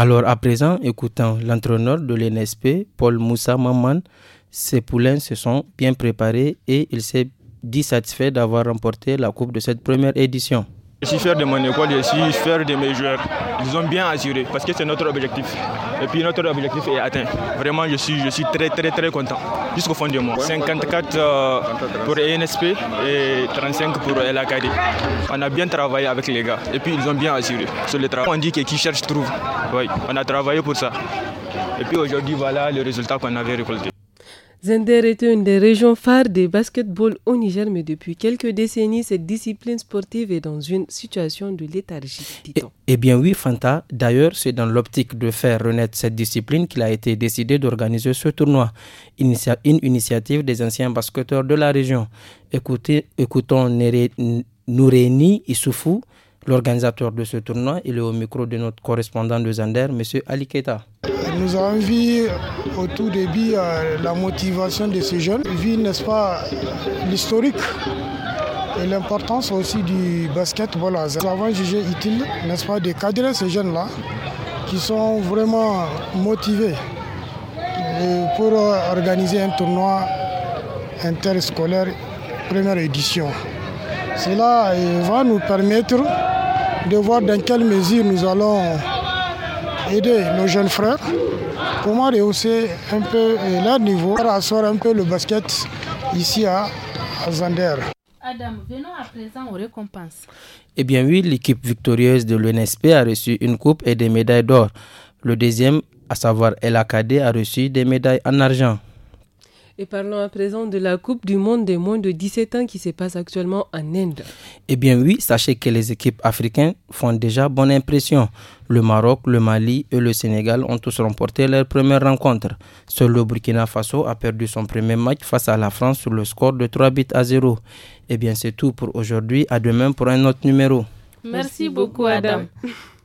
L: Alors à présent, écoutant l'entraîneur de l'NSP, Paul Moussa Mamman, Ses poulains se sont bien préparés et il s'est dit satisfait d'avoir remporté la coupe de cette première édition.
J: Je suis fier de mon école, je suis fier de mes joueurs. Ils ont bien assuré parce que c'est notre objectif. Et puis notre objectif est atteint. Vraiment, je suis, je suis très très très content jusqu'au fond du monde. 54 pour ENSP et 35 pour LAKD. On a bien travaillé avec les gars et puis ils ont bien assuré sur le travail. On dit que qui cherche trouve. on a travaillé pour ça. Et puis aujourd'hui, voilà le résultat qu'on avait récolté.
A: Zender était une des régions phares des basketball au Niger, mais depuis quelques décennies, cette discipline sportive est dans une situation de léthargie, eh,
L: eh bien oui, Fanta, d'ailleurs, c'est dans l'optique de faire renaître cette discipline qu'il a été décidé d'organiser ce tournoi, une initiative des anciens basketteurs de la région. Écoutez, écoutons Noureni Issoufou, L'organisateur de ce tournoi, il est au micro de notre correspondant de Zander, M. Ali Keta.
E: Nous avons vu au tout début euh, la motivation de ces jeunes, vu, n'est-ce pas, l'historique et l'importance aussi du basket. Voilà, nous avons jugé utile, n'est-ce pas, de cadrer ces jeunes-là qui sont vraiment motivés euh, pour organiser un tournoi interscolaire première édition. Cela euh, va nous permettre de voir dans quelle mesure nous allons aider nos jeunes frères, comment rehausser un peu euh, leur niveau, rassurer un peu le basket ici à Zander.
D: Adam,
B: venons à présent aux récompenses.
L: Eh bien oui, l'équipe victorieuse de l'UNSP a reçu une coupe et des médailles d'or. Le deuxième, à savoir LAKD, a reçu des médailles en argent.
A: Et parlons à présent de la Coupe du Monde des moins de 17 ans qui se passe actuellement en Inde.
L: Eh bien oui, sachez que les équipes africaines font déjà bonne impression. Le Maroc, le Mali et le Sénégal ont tous remporté leur première rencontre. Seul le Burkina Faso a perdu son premier match face à la France sur le score de 3 buts à 0. Eh bien c'est tout pour aujourd'hui. À demain pour un autre numéro.
B: Merci beaucoup Adam.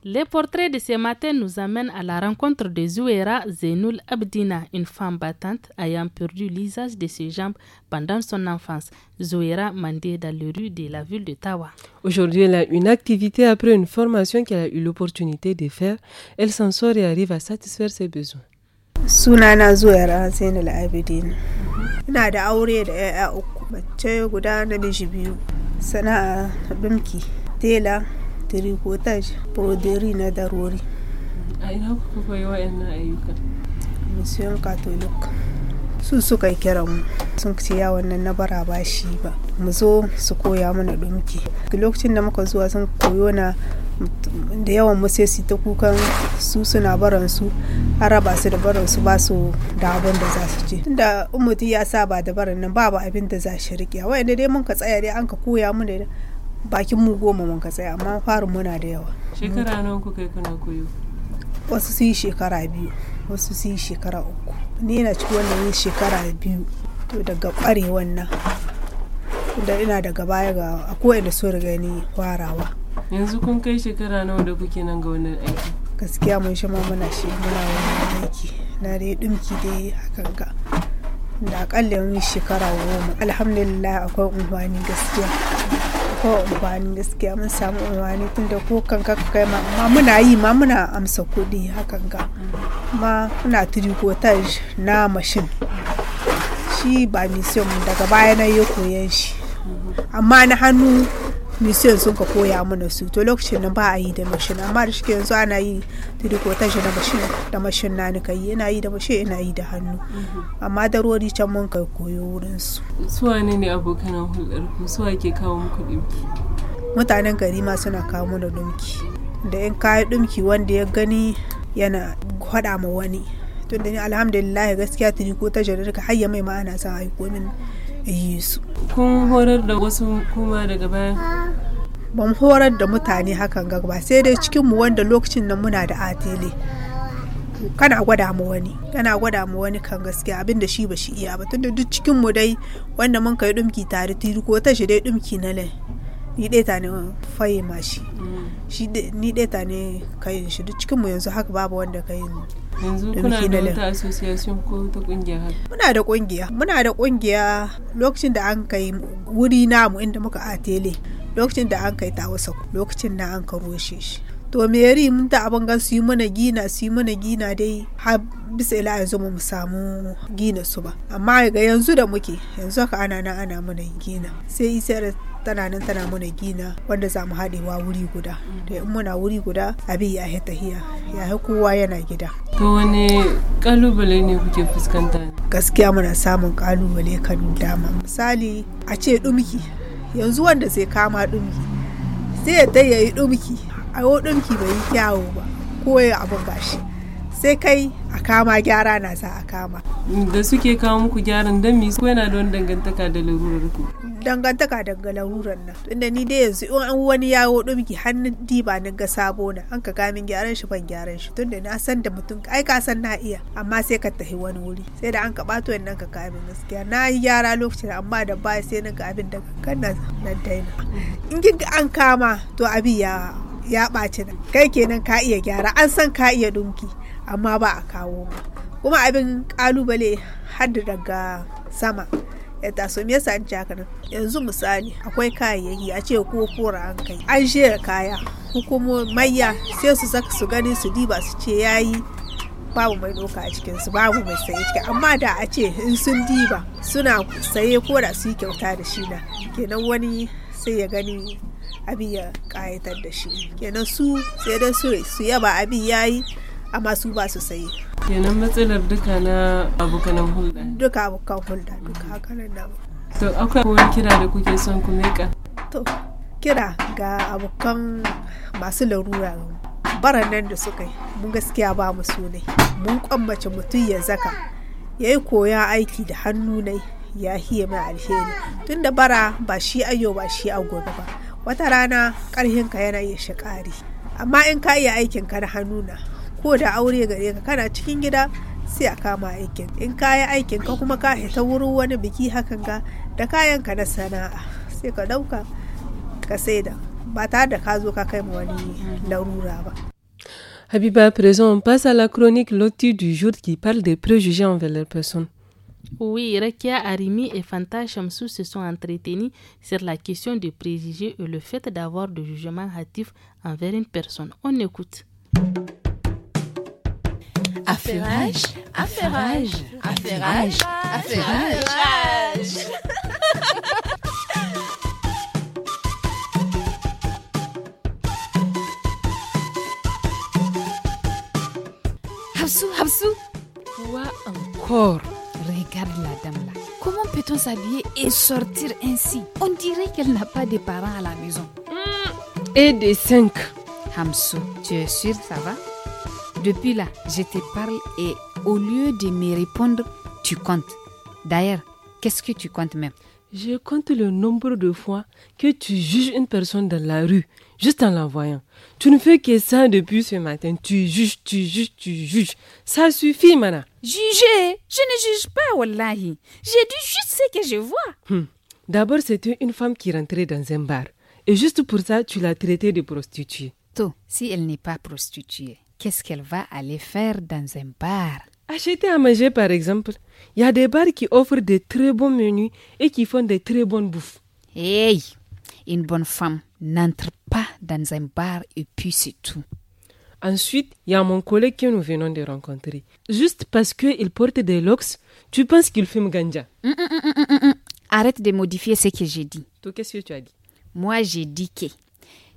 B: Les portraits de ce matin nous amènent à la rencontre de Zouera Zenoul Abdina, une femme battante ayant perdu l'usage de ses jambes pendant son enfance. Zouera mandée dans les rues de la ville de Tawa.
A: Aujourd'hui, elle a une activité après une formation qu'elle a eu l'opportunité de faire. Elle s'en sort et arrive à satisfaire ses besoins. sunana Abdina.
N: da tricotage broderi na
A: darori a ina kuka ayyuka mission catholic
N: su suka yi kira mu sun ce ya wannan na bara ba shi ba mu zo su koya mana dumki lokacin da muka zuwa sun koyo na da yawan mu sai su ta kukan su suna baran su an raba su da baran su ba su da abin da za su ce tunda umuti ya saba da baran nan babu abin da za shi riƙe wa'anda dai mun ka tsaya dai an ka koya mu da bakin mu goma mun ka tsaya amma farin muna da yawa shekara
A: nawa kuka yi kuna koyo
N: wasu sun yi shekara biyu wasu sun yi shekara uku ni na ci wannan yin shekara biyu to daga kware wannan da ina daga baya ga akwai da so daga ni kwarawa
A: yanzu kun kai shekara nawa da kuke nan ga wannan aiki gaskiya mun shi ma muna shi muna wannan aiki na dai dumki dai hakan ga
N: da akalla mun shekara goma alhamdulillah akwai unguwani gaskiya ko unguwani gaskiya mun samu tun tunda ko kanka ka kai ma amma muna yi ma muna amsa kuɗi hakan ga ma muna tricotage na mashin shi ba mission daga baya na yi koyan shi amma na hannu mission sun ka koya mana su to lokacin nan ba a yi da mashin amma da shike yanzu ana yi da ta da mashin da mashin na ni yi ina yi da mashin ina yi da hannu amma rori can mun kai koyo wurin su
A: suwa ne ne abokan hulɗar ku suwa ke kawo muku dinki
N: mutanen gari ma suna kawo mana dinki da in kayi dinki wanda ya gani yana kwada ma wani tunda ni alhamdulillah gaskiya tuni ko ta jarirka har ya mai ma ana sa aiko min su kun horar da wasu kuma daga baya ban horar da mutane hakan ga ba sai dai cikinmu wanda lokacin nan muna da atele kana gwada mu wani kana gwada mu wani kan gaskiya abin da shi ba shi iya ba tunda duk cikin mu dai wanda mun kai dumki tare tiri ko ta shi dai dumki na lai ni ɗaya ne faye ma shi mm. ni ɗaya ta ne kayin shi duk cikinmu yanzu haka babu wanda kayin yanzu kuna da wata
A: association ko ta kungiya
N: haka muna da kungiya muna da kungiya lokacin da an kai wuri namu inda muka a tele lokacin da an kai tawasa lokacin da an ka rushe shi to mun ta abin gan su yi mana gina su yi mana gina dai har bisa ila yanzu mu samu gina su ba amma ga yanzu da muke yanzu ka ana nan ana mana gina sai isa tana nan tana mana gina wanda za mu haɗewa wuri guda da in muna wuri guda abin ya haita hiya ya kowa yana gida
A: to wani kalubale ne kuke fuskanta
N: gaskiya muna samun kalubale kan dama misali a ce dumki yanzu wanda zai kama dumki sai ta yayi dumki a yau ɗinki bai yi kyawu ba ko ya abin gashi sai kai a kama gyara na za a kama
A: da suke kawo muku gyaran don mi yana da wani dangantaka da larurar ku
N: dangantaka daga larurar nan tunda ni dai yanzu in an wani yawo ɗumki hannun diba ni ga sabo na an ka gamin gyaran shi ban gyaran shi tunda na san da mutum ai ka san na iya amma sai ka tafi wani wuri sai da an ka yan nan ka gamin gaskiya na yi gyara lokacin amma da baya sai na ga abin da kan na daina in kin an kama to abi ya ya ɓaci nan kai kenan ka iya gyara an san ka iya dunki amma ba a kawo ba kuma abin kalubale har daga sama ya taso me yasa an ci haka yanzu misali akwai kayayyaki a ce ko kora an kai an shera kaya hukumo mayya sai su saka su gani su diba su ce yayi babu mai doka a cikin su babu mai saye ciki amma da a ce in sun diba suna saye ko da su yi kyauta da shi na kenan wani sai ya gani abin ya kayatar da shi kenan su sai dan su su yaba abin yayi amma su ba su sayi
A: kenan matsalar duka na abokanan hulɗa
N: duka abokan hulɗa duka hakanan nan
A: to akwai wani kira da kuke son ku meka
N: to kira ga abokan masu larura baran nan da suka yi mun gaskiya ba mu su ne mun kwambace mutum ya zaka ya yi koya aiki da hannu ne ya hiye mai alheri tunda bara ba shi ayo ba shi gobe ba wata rana ka yana iya shi amma in ka iya aikinka na hannuna ko da aure gare ka kana cikin gida sai a kama aikin in ka yi aikin ka kuma ka hita wurin wani biki hakan ga da kayanka na sana'a sai ka ɗauka ka saida ba tare da ka zo ka kai ma wani larura ba
A: Habiba, prison présent, on passe à la chronique Lotti du jour qui parle des préjugés envers les personnes.
B: Oui, Rekia Arimi et Fanta Chamsou se sont entretenus sur la question des préjugés et le fait d'avoir de jugements hâtifs envers une personne. On écoute. Affairage, affairage, affairage, affairage.
A: Hapsou, Hapsou.
B: Quoi encore
A: Regarde-la dame là.
B: Comment peut-on s'habiller et sortir ainsi On dirait qu'elle n'a pas
A: de parents à la maison. Hmm, et des cinq. Hamsou, tu es sûr ça va Depuis là, je te parle et au lieu de me répondre, tu comptes. D'ailleurs, qu'est-ce que tu comptes même je compte le nombre de fois que tu juges une personne dans la rue, juste en la voyant. Tu ne fais que ça depuis ce matin. Tu juges, tu juges, tu juges. Ça suffit, Mana.
B: Juger Je ne juge pas, Wallahi. J'ai dit juste ce que je vois.
A: Hmm. D'abord, c'était une femme qui rentrait dans un bar. Et juste pour ça, tu l'as traitée de prostituée. tout si elle n'est pas prostituée, qu'est-ce qu'elle va aller faire dans un bar Acheter à manger, par exemple, il y a des bars qui offrent des très bons menus et qui font des très bonnes bouffes. Hey, une bonne femme n'entre pas dans un bar et puis c'est tout. Ensuite, il y a mon collègue que nous venons de rencontrer. Juste parce qu'il porte des locks, tu penses qu'il fume ganja. Hum, hum, hum, Arrête de modifier ce que j'ai dit. qu'est-ce que tu as dit Moi, j'ai dit que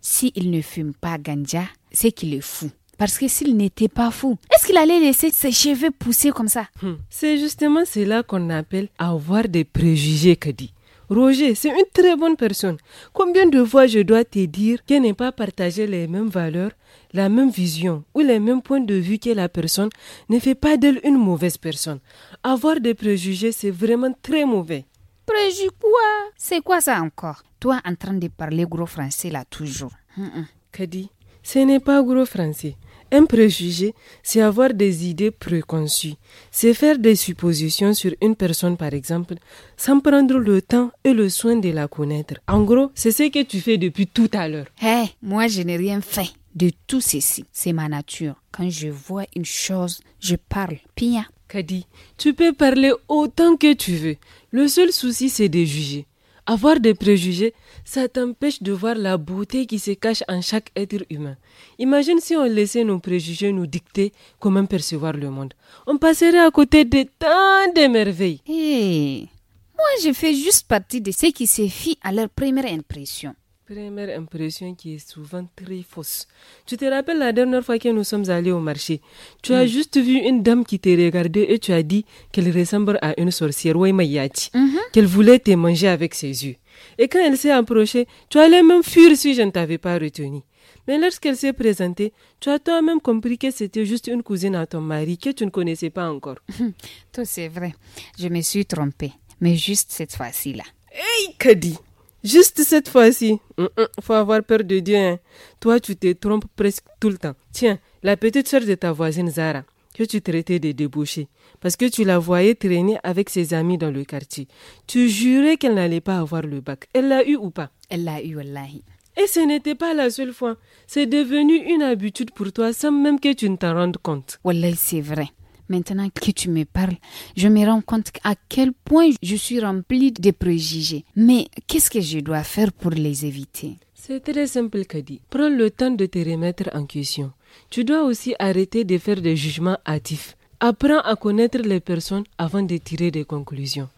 A: s'il ne fume pas ganja, c'est qu'il est fou. Parce que s'il n'était pas fou, est-ce qu'il allait laisser ses cheveux pousser comme ça hmm. C'est justement cela qu'on appelle avoir des préjugés, Kadi. Roger, c'est une très bonne personne. Combien de fois je dois te dire qu'elle n'est pas partagé les mêmes valeurs, la même vision ou les mêmes points de vue que la personne ne fait pas d'elle une mauvaise personne. Avoir des préjugés, c'est vraiment très mauvais. Préjugés quoi C'est quoi ça encore Toi en train de parler gros français là toujours. Hmm, hmm. Kadi, ce n'est pas gros français. Un préjugé, c'est avoir des idées préconçues, c'est faire des suppositions sur une personne par exemple, sans prendre le temps et le soin de la connaître. En gros, c'est ce que tu fais depuis tout à l'heure. Hé, moi je n'ai rien fait de tout ceci. C'est ma nature. Quand je vois une chose, je parle. Pia. Kadi, tu peux parler autant que tu veux. Le seul souci, c'est de juger. Avoir des préjugés, ça t'empêche de voir la beauté qui se cache en chaque être humain. Imagine si on laissait nos préjugés nous dicter comment percevoir le monde. On passerait à côté de tant de merveilles. moi je fais juste partie de ceux qui se fient à leur première impression première impression qui est souvent très fausse. Tu te rappelles la dernière fois que nous sommes allés au marché, tu as mm. juste vu une dame qui t'a regardé et tu as dit qu'elle ressemblait à une sorcière Waymayati, mm-hmm. qu'elle voulait te manger avec ses yeux. Et quand elle s'est approchée, tu allais même fuir si je ne t'avais pas retenu. Mais lorsqu'elle s'est présentée, tu as toi-même compris que c'était juste une cousine à ton mari que tu ne connaissais pas encore. Tout c'est vrai. Je me suis trompée. Mais juste cette fois-ci-là. Hey, Kadi! Juste cette fois-ci. Mm, mm, faut avoir peur de Dieu. Hein. Toi, tu te trompes presque tout le temps. Tiens, la petite soeur de ta voisine Zara, que tu traitais de débouchée parce que tu la voyais traîner avec ses amis dans le quartier. Tu jurais qu'elle n'allait pas avoir le bac. Elle l'a eu ou pas Elle l'a eu, wallahi. Et ce n'était pas la seule fois. C'est devenu une habitude pour toi sans même que tu ne t'en rendes compte. Wallahi, c'est vrai. Maintenant que tu me parles, je me rends compte à quel point je suis remplie de préjugés. Mais qu'est-ce que je dois faire pour les éviter C'est très simple, Kadi. Prends le temps de te remettre en question. Tu dois aussi arrêter de faire des jugements hâtifs Apprends à connaître les personnes avant de tirer des conclusions.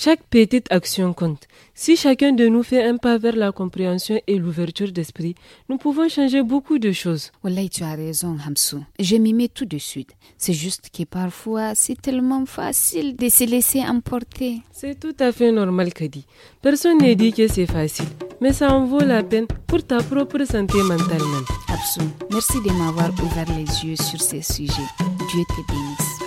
A: Chaque petite action compte. Si chacun de nous fait un pas vers la compréhension et l'ouverture d'esprit, nous pouvons changer beaucoup de choses. Wallahi, tu as raison, Hamsou. Je m'y mets tout de suite. C'est juste que parfois, c'est tellement facile de se laisser emporter. C'est tout à fait normal, Kadi. Personne ne dit que c'est facile, mais ça en vaut la peine pour ta propre santé mentale même. merci de m'avoir ouvert les yeux sur ces sujets. Dieu te bénisse.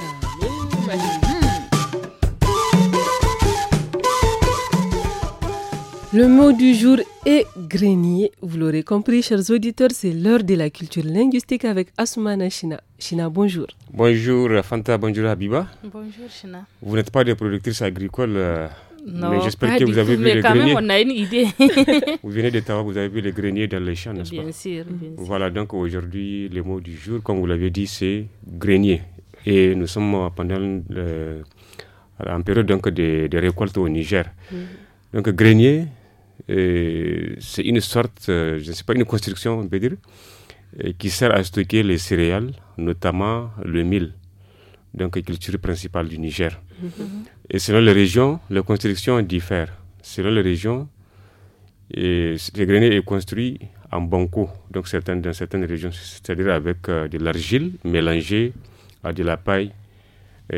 A: Le mot du jour est grenier. Vous l'aurez compris, chers auditeurs, c'est l'heure de la culture linguistique avec Asumana China. China, bonjour.
M: Bonjour Fanta, bonjour Habiba.
B: Bonjour China.
M: Vous n'êtes pas des productrices agricoles euh, non, mais j'espère que vous avez vu les greniers. Mais quand même, on a une
B: idée.
M: vous venez de Tawa, vous avez vu les greniers dans les champs, n'est-ce pas Bien sûr, bien Voilà, donc aujourd'hui, le mot du jour, comme vous l'avez dit, c'est grenier. Et nous sommes pendant le, période donc, de, récolte au Niger. Donc, grenier, c'est une sorte, euh, je ne sais pas, une construction, on peut dire, euh, qui sert à stocker les céréales, notamment le mil, donc la culture principale du Niger. Et selon les régions, les constructions diffèrent. Selon les régions, et le grenier est construit en banco, donc certaines, dans certaines régions, c'est-à-dire avec euh, de l'argile mélangée à de la paille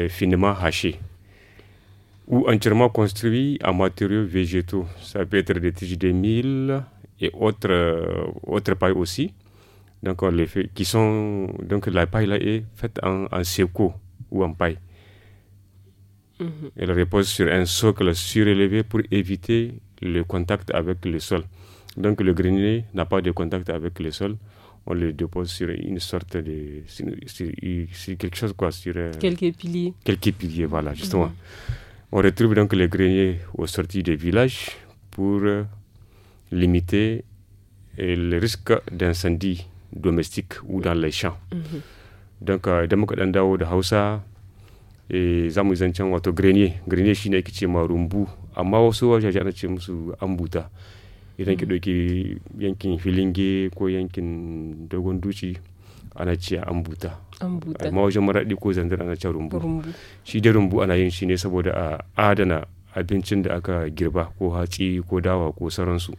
M: finement hachée ou entièrement construit en matériaux végétaux. Ça peut être des tiges de mille et autres, euh, autres pailles aussi. Donc, les qui sont, donc la paille là est faite en, en seco ou en paille. Mhm. Elle repose sur un socle surélevé pour éviter le contact avec le sol. Donc, le grenier n'a pas de contact avec le sol. On le dépose sur une sorte de. quelque chose, quoi. Sur, euh, quelques piliers. Quelques piliers, voilà, justement. Mhm. On retrouve donc les greniers aux sorties des villages pour euh, limiter le risque d'incendie domestique ou dans les champs. Mhm. Don euh, idan muka dan dawo de Hausa za e, Zamu zancen wato grenier. Grenier shine ake ce ma rumbu amma wasu wajaje ana ce musu ambuta. Idan ki mhm. ɗauki yankin filinge ko yankin dogon duci ana ce ambuta. amma wajen maraɗi ko zandar ana can rumbu shi dai rumbu ana yin shi ne saboda a adana abincin da aka girba ko hatsi ko dawa ko sauransu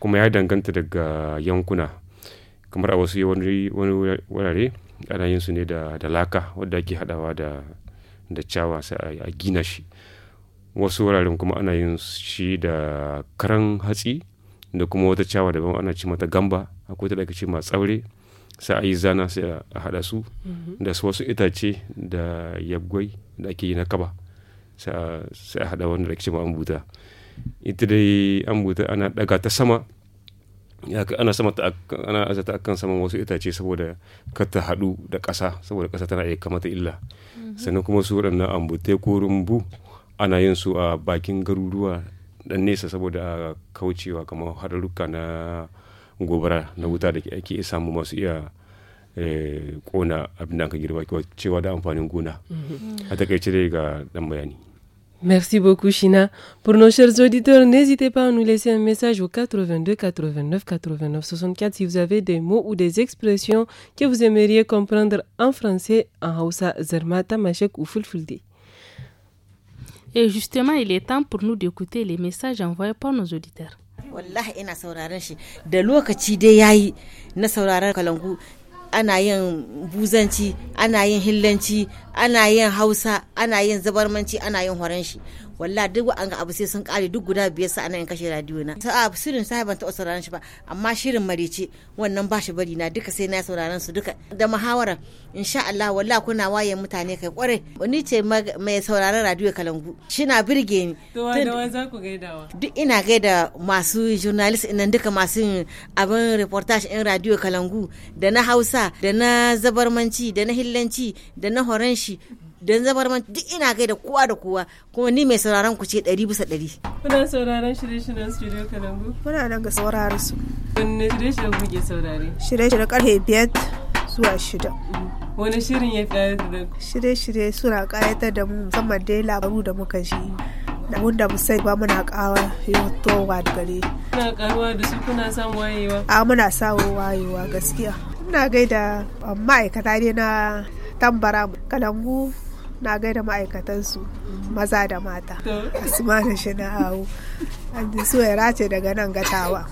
M: kuma ya danganta daga yankuna kamar a wasu wani wurare ana yin su ne da, da laka wadda ake haɗawa da da cawa sai a gina shi wasu wuraren kuma ana yin shi da karan hatsi da kuma wata cawa daban ana ci mata gamba akwai ta da ake ce ma tsaure sai a yi zana sai a haɗa su mhm. da wasu itace da yabgwai da ake yi na kaba sai a haɗa wanda da cewa ambuta ita dai ambuta ana ɗaga ta sama ana sama ta ana aza akan saman wasu itace saboda kar ta haɗu da ƙasa saboda ƙasa tana iya kamata illa mhm. sannan kuma su waɗannan ambutai ko rumbu ana yin su a bakin garuruwa dan nesa saboda kaucewa kamar haɗarurruka na Merci
A: beaucoup China. Pour nos chers auditeurs, n'hésitez pas à nous laisser un message au 82 89 89 64 si vous avez des mots ou des expressions que vous aimeriez
B: comprendre en français, en Hausa, zermata Tamashek ou fulfuldi. Et justement, il est temps pour nous d'écouter les messages envoyés par nos auditeurs.
C: wallahi ina sauraron shi
B: da lokaci dai yayi na sauraron kalangu ana yin
C: buzanci ana yin hillanci ana yin hausa ana yin zabarmanci ana yin horon shi walla duk an ga abu sai sun kare duk guda biyar sa anan kashe radio na sa'a shirin sai ban taɓa sauraron shi ba amma shirin marice wannan ba shi bari na duka sai na sauraron su duka da muhawara insha Allah walla kuna waye mutane kai kwarai ni ce mai sauraron radio kalangu shina birge ni duk ina gaida masu journalist inan duka masu abin reportage in radio kalangu da na Hausa da na zabarmanci da na hillanci da na horanshi don zamar man duk ina gaida kowa da kowa kuma ni mai sauraron ku ce ɗari bisa ɗari.
A: Kuna sauraron shirye-shiryen studio Kalangu? Kuna nan ga sauraron su. Wanne shirye-shiryen buge saurare?
N: Shirye-shirye karfe biyar zuwa shida.
A: Mm-hmm. Wani shirin ya ƙayatar da
N: Shirye-shirye suna ƙayatar da mu musamman dai labaru da muka ji. da wanda musai ba muna kawa towa da gare.
A: Kuna ƙaruwa da su kuna samun wayewa?
N: A muna samun wayewa gaskiya. Ina gaida ma'aikata ne na tambara kalangu na gaida ma'aikatansu maza da mata asma da shi na hawo an ji daga nan gatawa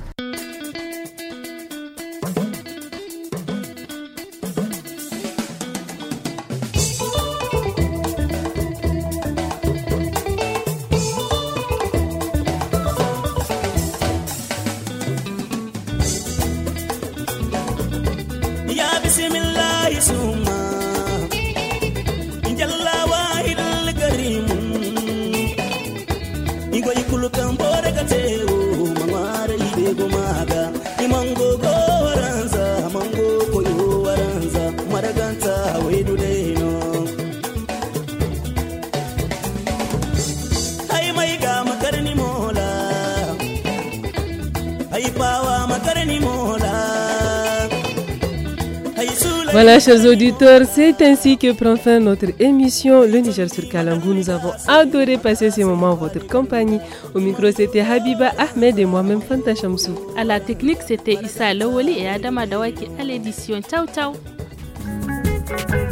A: chers auditeurs, c'est ainsi que prend fin notre émission Le Niger sur Kalangu. Nous avons adoré passer ces moments en votre compagnie. Au micro, c'était Habiba Ahmed et moi-même Fanta Chamsou.
B: À la technique, c'était Issa Lawoli et Adama Dawaki à l'édition. Ciao, ciao!